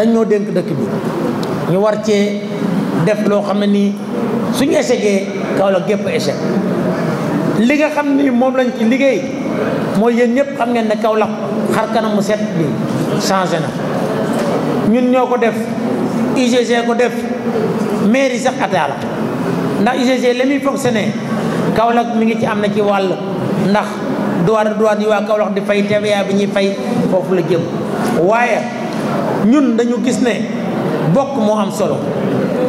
dañ ñoo dénk dëkk bi ñu war cee def loo xam ne nii suñu échecgee Kaolack gépp échec li nga xam ni moom lañ ci liggéey mooy yéen ñëpp xam ngeen ne kawlax xar kanamu mu set bi changé na ñun ñoo ko def UGC ko def mairie sax ataala ndax UGC li muy fonctionné Kaolack mu ngi ci am na ci wàll ndax douane douane yi waa Kaolack di fay TVA bi ñuy fay foofu la jëm waaye ñun dañu gis ne bokk moo am solo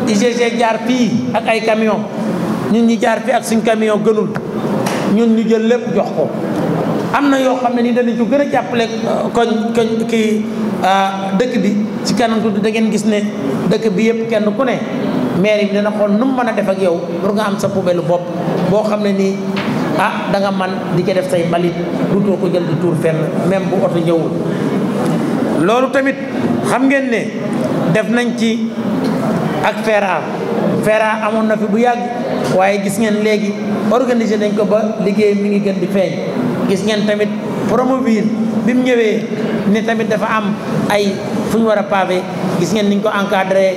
UGG jaar fii ak ay camion ñu ñu jaar fii ak suñ camion gënul ñun ñu jël lépp jox ko am na yoo xam ne ni danañ ko gën a jàppale euh, koñ koñ kii euh, dëkk bi ci kanam tudd da ngeen gis ne dëkk bi yëpp kenn ku ne maire bi dina xool nu mu mën a def ak yow pour nga am sa poubelle bopp boo xam ne nii ah danga nga man di ca def say mbalit du too ko jël di tuur fenn même bu oto ñëwul loolu tamit xam ngeen ne def nañ ci ak FERA FERA amoon na fi bu yàgg waaye gis ngeen léegi organiser nañ ko ba liggéey mi ngi gën di feeñ gis ngeen tamit Promovilles bi mu ñëwee ni tamit dafa am ay fu ñu war a pavé gis ngeen niñ ko encadré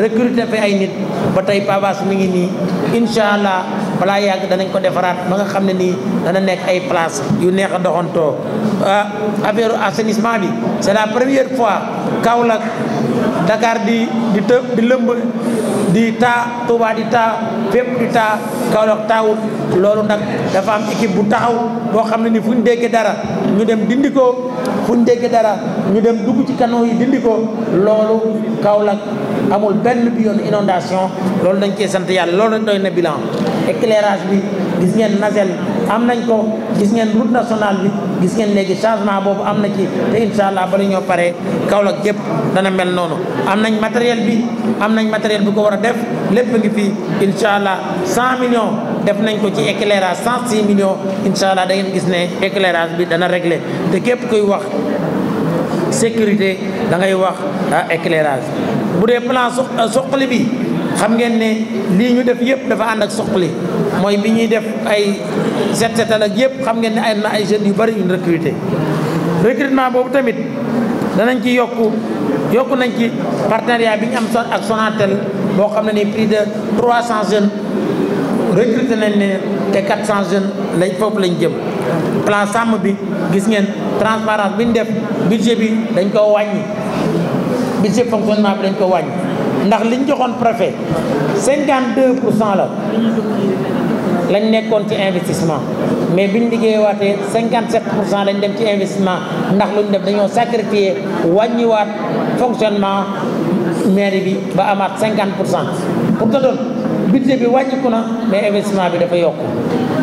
recruter fi ay nit ba tey Pavas mi ngi nii incha allah balaa yàgg danañ ko defaraat ba nga xam ne nii dana nekk ay place yu neex a doxantoo ah, affaire assainissement bi c'est la première fois Kaolack Dakar di di të di lëmb di taa Touba di taa fépp di taa Kaolack taawut loolu nag dafa am équipe bu taxaw boo xam ne ni fu ñu dégg dara ñu dem dindi ko fu ñu dégg dara ñu dem dugg ci canaux yi dindi ko loolu Kaolack amul benn bi yoon inondation loolu dañu cee sant yàlla loolu dañ doy na bilan éclairage bi gis ngeen nasel am nañ ko gis ngeen route nationale bi gis ngeen néegi changement boobu am na ci te incha allah bala ñoo paree Kaolack gépp dana mel noonu am nañ matériel bi am nañ matériel bi ko war a def lépp ngi fii incha allah 100 millions def nañ ko ci éclairage 106 millions incha allah da gis ne éclairage bi dana réglé te gépp koy wax sécurité da ngay wax ah, éclairage bu dee plan euh, soqali bi xam ngeen ne lii ñu def yëpp dafa ànd ak soqali mooy bi ñuy def ay set setal ak yëpp xam ngeen ne ay na ay jeunes yu bëri ñu recruter recrutement boobu tamit danañ ci yokku yokk nañ ci partenariat bi ñu am ak Sonatel boo xam ne ni plus de 300 jeunes recruter nañ ne te 400 jeunes lañ foofu lañ jëm plan sàmm bi gis ngeen transparence bi ñu def budget bi dañ koo wàññi budget fonctionnement bi dañ ko wàññi ndax liñ joxoon préfet 52 pour cent la lañ nekkoon ci investissement mais biñ liggéeyewaatee 57 pour cent lañ dem ci investissement ndax luñ def dañoo sacrifier wàññiwaat fonctionnement mairie bi ba amaat 50 pour cent pour te doon budget bi wàññiku na mais investissement bi dafa yokk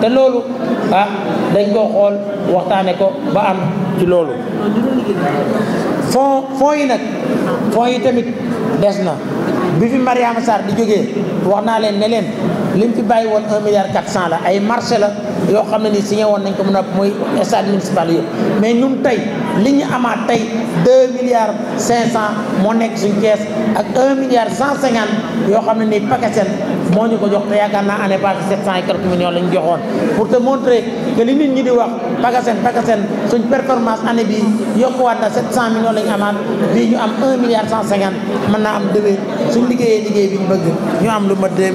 te loolu ah dañ koo xool waxtaane ko ba am ci loolu fond fond yi nag fon yi tamit des na bi fi Mariama Sarr di jóge wax naa leen ne lim bàyyi woon milliard quatre cent la ay marché la yoo xam ne nii signé woon nañ ko mën a mooy stade municipal yëpp mais ñun tey li ñu amaat tey deux moo nekk suñ kees ak un milliard cent cinquante yoo xam ne nii pakesen moo ñu ko jox te yaakaar naa année passée sept cent et quelques joxoon pour te montrer que li nit ñi di wax pakesen pakesen suñ performance année bi yokkuwaat na sept cent millions la ñu amaat bii ñu am un milliard cent naa am déwén suñ liggéeyee liggéey bi ñu bëgg ñu am lu ma deux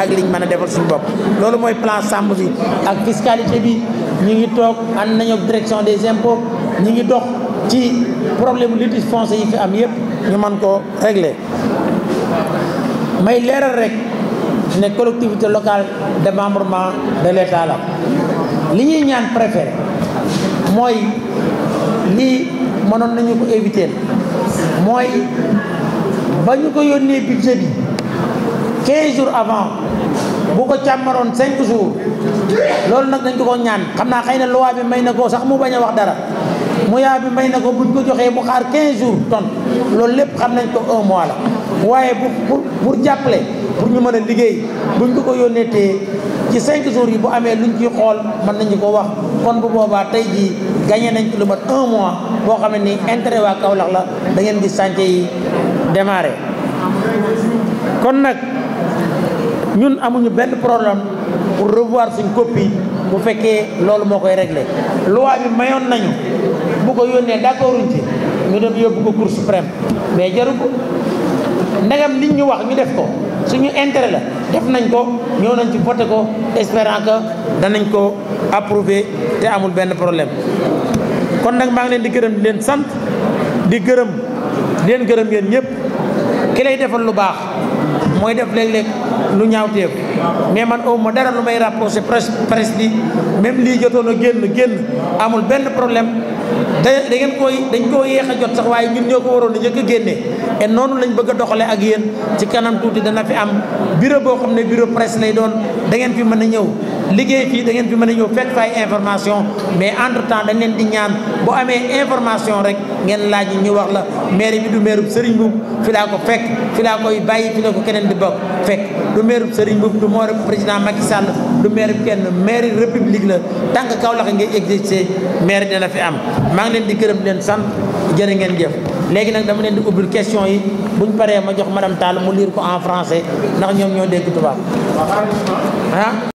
ak liñ mën a defal loolu mooy plan sàmm bi ak fiscalité bi ñi ngi toog ànd nañu ak direction des impôts ñi ngi dox ci problème litige foncier yi fi am yépp ñu mën koo régler may leeral rek ne collectivité locale démembrement de l'État la li ñuy ñaan préfet mooy lii mënoon nañu ko éviter mooy ba ñu ko yónnee budget bi 15 jours avant bu ko càmmaroon cinq jours loolu nag dañ ko ko ñaan xam naa xëy na loi bi may na ko sax mu bañ a wax dara muyaa bi may na ko buñ ko joxee mu xaar quinze jours ton loolu lépp xam nañ ko un mois la waaye bu pour jàppale pour ñu mën a liggéey buñ ko ko yónnee te ci cinq jours yi bu amee luñ ciy xool mën nañu ko wax kon bu boobaa tey jii gañe nañ ci lu mat un mois boo xam ne nii intérêt waa Kaolack la da ngeen gis chantier yi démarré kon nag ñun amuñu benn problème pour revoir suñ copie bu fekkee loolu moo koy réglé loi bi mayoon nañu bu ko yónnee d'accorduñ ci ñu dem yóbbu ko cour suprême mais jaru ko ndegam liñ ñu wax ñu def ko suñu intérêt la def nañ ko ñëw nañ ci voté ko espérant que danañ ko approuvé te amul benn problème kon nag maa ngi leen di gërëm di leen sant di gërëm leen gërëm yéen ñëpp ki lay defal lu baax mooy def léeg-léeg lu ñaawteef mais man aw ma dara lu may rapproché presse presse bi même lii jotoon a génn génn amul benn problème da da ngeen koy dañ koo yéex a jot sax waaye ñun ñoo ko waroon a njëkk a génne et noonu lañ bëgg a doxale ak yéen ci kanam tuuti dana fi am bureau boo xam ne bureau presse lay doon da ngeen fi mën a ñëw liggéey fii da ngeen fi mën a ñëw fekk fay information mais entre temps dañ leen di ñaan bu amee information rek ngeen laaj ñu wax la maire bi du maire bu Serigne Mboup fi laa ko fekk filaa laa koy bàyyi fi ko keneen di bokk fekk du maire bu Serigne Mboup du maire bu président Macky Sall du maire bu kenn maire kaw la tànk Kaolack ngay exercer maire dina fi am maa ngi leen di gërëm leen sant jërë ngeen jëf léegi nag dama leen di ubbil question yi buñ paree ma jox madame Tall mu lire ko en français ndax ñoom ñoo dégg tubaab ah